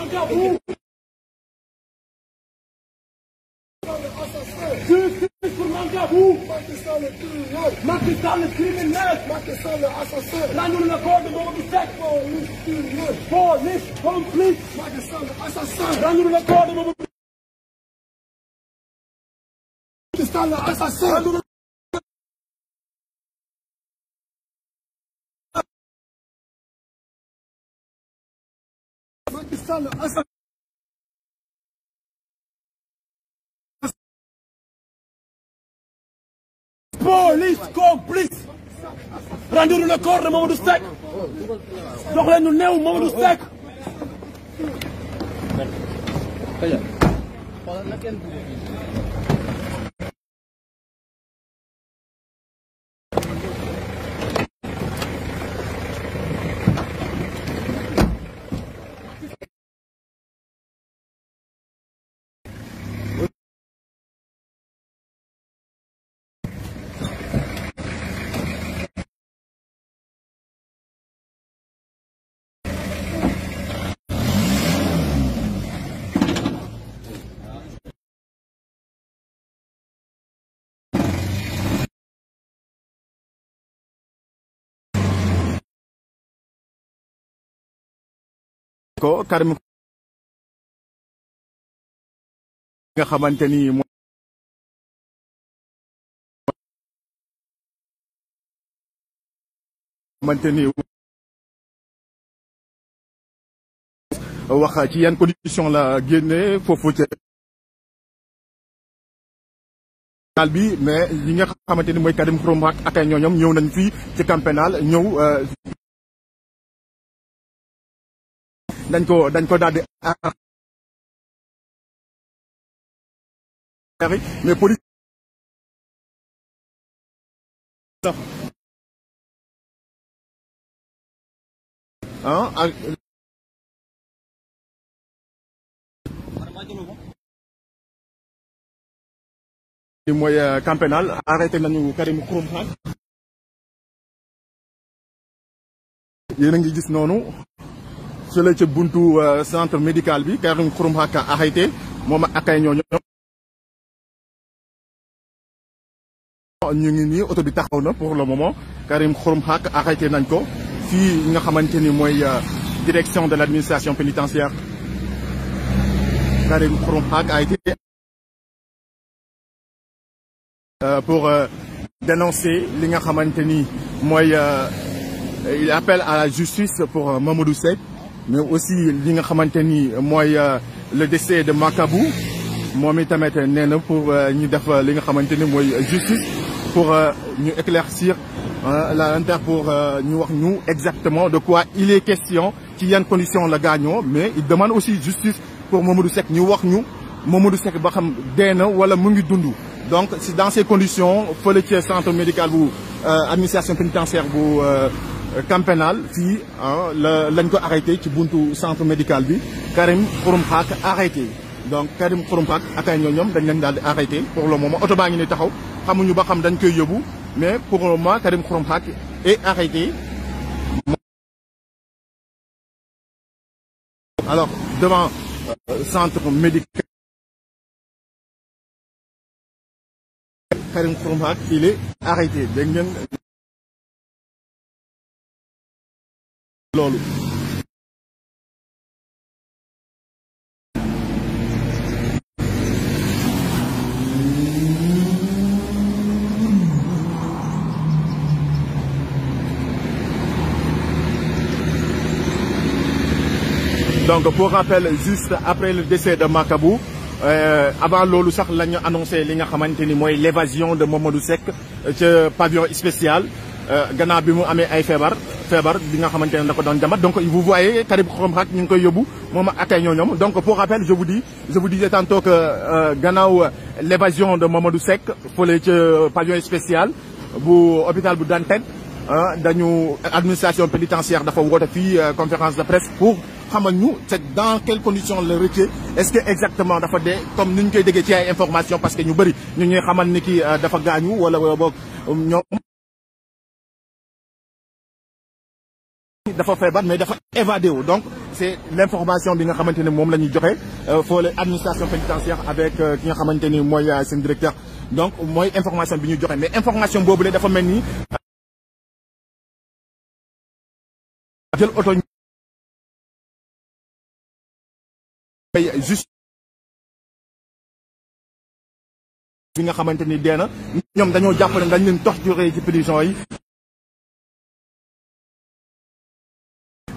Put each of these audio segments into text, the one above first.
Macky Sall criminel. Macky Sall assassin. Lañu la ko de Mamadou Seck. Police criminel. Police complice. Macky Sall assassin. Lañu la ko de Mamadou Sall assassin. Macky Sall Assane police complice rendu le corps de Mamadou Seck jox leen ñu néew Mamadou Seck ko Karim nga xamante ni wax ci yan condition la génne foofu ci pénal bi mais yi nga xamante ni mooy Karim Xrum Xax ak ay ñooñom nañ ci camp pénal ñëw euh, dañ ko dañ ko daal di mais police ah mooy euh, camp pénal arrêté nañu Karim Xrum Xax yéen ngi gis noonu fële ca buntu euh, centre médical bi Karim Xurum Xaka arrêté moom ak ay ñooñu ñu ngi nii pour le moment Karim Xurum Xaka nañ ko fii nga xamante ni mooy euh, direction de l'administration pénitentiaire Karim Xurum Xaka euh, pour dénoncer li nga xamante ni mooy il appelle à la justice pour Mamadou Seck mais aussi li nga xamante ni mooy euh, le décès de Makabou moom itamit nee na pour euh, ñu def euh, li nga xamante ni mooy justice pour ñu éclaircir la inter pour ñu wax ñu exactement de quoi il est question ci yan condition la gaañoo mais il demande aussi justice pour Mamadou Seck ñu wax ñu Mamadou Seck ba xam dee na wala mu ngi dundu donc si dans ces conditions fële ci centre médical bu administration pénitentiaire bu camp pénal fii ah, la lañ ko arrêté ci buntu centre médical bi Karim Xurum Xaak arrêté donc Karim Xurum Xaak ak ñoom dañ leen daal di arrêté pour le moment oto baa ngi ni taxaw xamuñu ba xam dañ koy yóbbu mais pour le moment Karim Xurum Xaak est alors devant euh, centre médical Karim Xurum Xaak il est loolu donc pour rappel juste après le décès de Makabou euh, avant loolu sax la ñu annoncé li nga xamante ni mooy l'évasion de Mamadou Seck euh, ca pavillon spécial euh, gannaaw bi mu amee ay feebar feebar bi nga xamante ne da ko doon jàmbat donc vous voyez Karib Xrum Xax ñu ngi koy yóbbu moom akay ñoo ñoom donc pour rappel je vous dis je vous disais tantôt que euh, gannaaw euh, l'évasion de Mamadou Seck fële ca euh, pavillon spécial bu hôpital bu Dantec dañu administration pénitentiaire dafa woote fii conférence de presse pour xamal ñu c'est dans quelles conditions le requis est que exactement dafa dee comme ni ñu koy déggee ci ay information parce que ñu bëri dafa feebar mais dafa évadé donc c' est bi nga xamante ne moom la ñuy joxe euh, foole administration pénitentiaire avec euh, ki nga xamante ni mooy euh, seen directeur donc mooy information bi ñu joxe mais information boobu le dafa mel ni jël oto juste bi nga xamante ni dee na ñoom dañoo jàpp ne leen torturé ci prison yi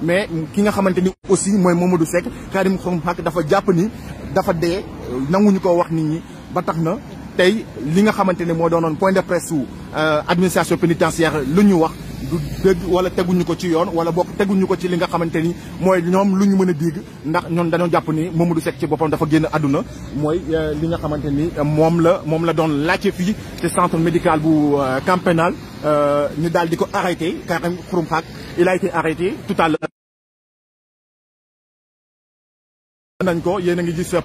mais ki nga xamante ni aussi mooy du Mamadou Seck Karim Xrum Xax dafa jàpp ni dafa dee ñu ko wax nit ñi ba tax na tey li nga xamante ni moo doon point de presse su euh, administration pénitentiaire lu ñu wax du dëgg wala teguñu ko ci yoon wala bokk teguñu ko ci li nga xamante ni mooy ñoom lu ñu mën a digg ndax ñoom dañoo jàpp ni Mamadou Seck ci boppam dafa génn àdduna mooy euh, li nga xamante ni euh, moom la moom la doon laajte fii ci centre médical bu euh, camp pénal ñu daal di ko arrêté Karim Xrum Xax il a été arrêté nañ ko yéen a ngi gis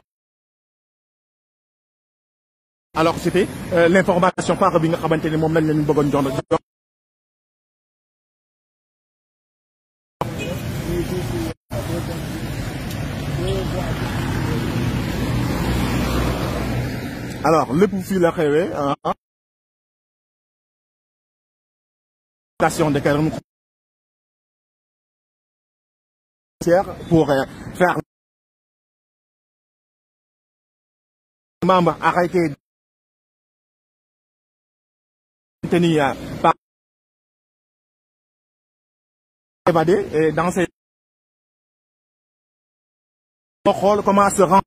alors c'était l'information phare bi nga xamante ni moom lañ leen bëggoon jox alors lépp fii la xewee ah. ah. station de Keur pour faire membre arrêté tenu par évadé dans ces moo xool comment se rendre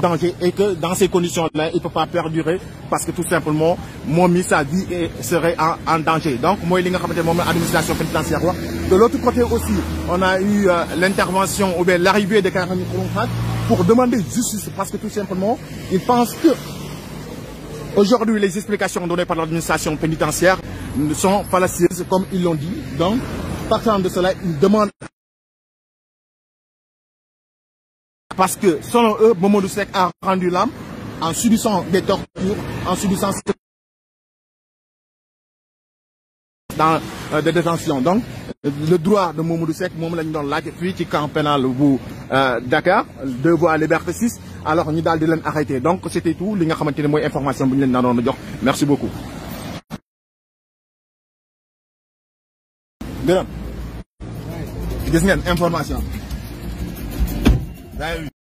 danger et que dans ces conditions-là il peut pas perdurer parce que tout simplement moom mi sa vie serait en en danger donc mooy li nga xamante moom administration pénitentiaire de l'autre côté aussi on a eu euh, l'intervention ou bien l'arrivée de Karim pour demander justice parce que tout simplement il pense que aujourd'hui les explications données par l'administration pénitentiaire sont fallacieuses comme ils l'ont dit donc partant de cela il demande Parce que, selon eux, Momodou Sek a rendu l'âme en subissant des tortures, en subissant dans euh, des détentions. Donc, le droit de Momodou Sek, moom la ñu doon laaj fii ci camp pénal bu euh, Dakar deux voies liberté 6 alors ñu daal di leen arrêté donc c'était tout li nga xamante ne mooy information bu ñu leen naroon jox merci beaucoup. gërëm gis information That